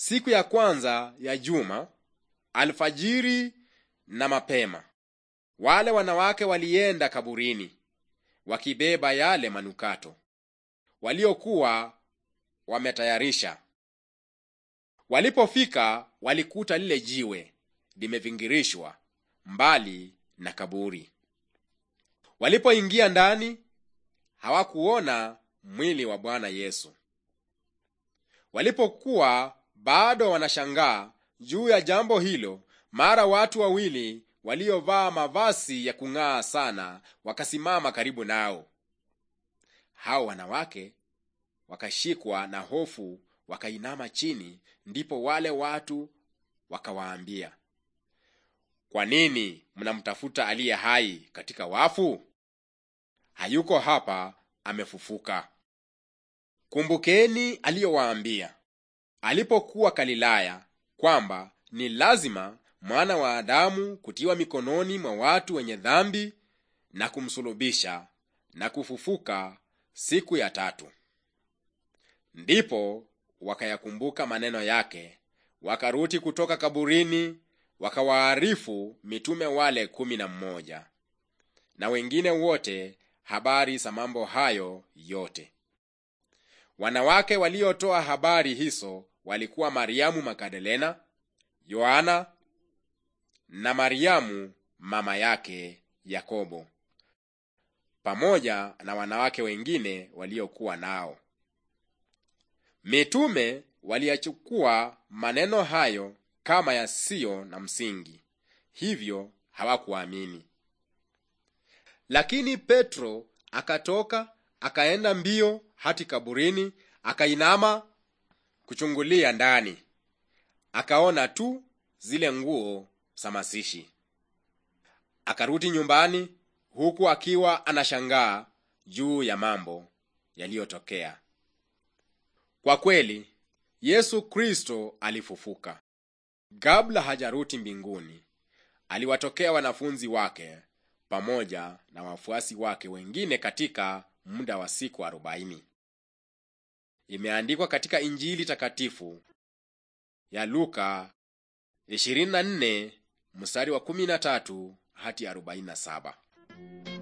Siku ya kwanza ya juma, alfajiri na mapema, wale wanawake walienda kaburini wakibeba yale manukato waliokuwa wametayarisha. Walipofika walikuta lile jiwe limevingirishwa mbali na kaburi. Walipoingia ndani, hawakuona mwili wa Bwana Yesu. Walipokuwa bado wanashangaa juu ya jambo hilo, mara watu wawili waliovaa mavasi ya kung'aa sana wakasimama karibu nao. Hao wanawake wakashikwa na hofu, wakainama chini. Ndipo wale watu wakawaambia, kwa nini mnamtafuta aliye hai katika wafu? Hayuko hapa, amefufuka. Kumbukeni aliyowaambia alipokuwa Galilaya kwamba ni lazima mwana wa Adamu kutiwa mikononi mwa watu wenye dhambi na kumsulubisha na kufufuka siku ya tatu. Ndipo wakayakumbuka maneno yake, wakaruti kutoka kaburini, wakawaarifu mitume wale kumi na mmoja na wengine wote habari za mambo hayo yote. Wanawake waliotoa habari hizo walikuwa Mariamu Magdalena, Yohana na Mariamu mama yake Yakobo, pamoja na wanawake wengine waliokuwa nao. Mitume waliyachukua maneno hayo kama yasiyo na msingi, hivyo hawakuamini. Lakini Petro akatoka akaenda mbio hati kaburini, akainama kuchungulia ndani, akaona tu zile nguo za mazishi. Akarudi nyumbani huku akiwa anashangaa juu ya mambo yaliyotokea. Kwa kweli Yesu Kristo alifufuka. Kabla hajaruti mbinguni, aliwatokea wanafunzi wake pamoja na wafuasi wake wengine katika muda wa siku arobaini imeandikwa katika Injili takatifu ya Luka 24 mstari wa 13 hadi 47.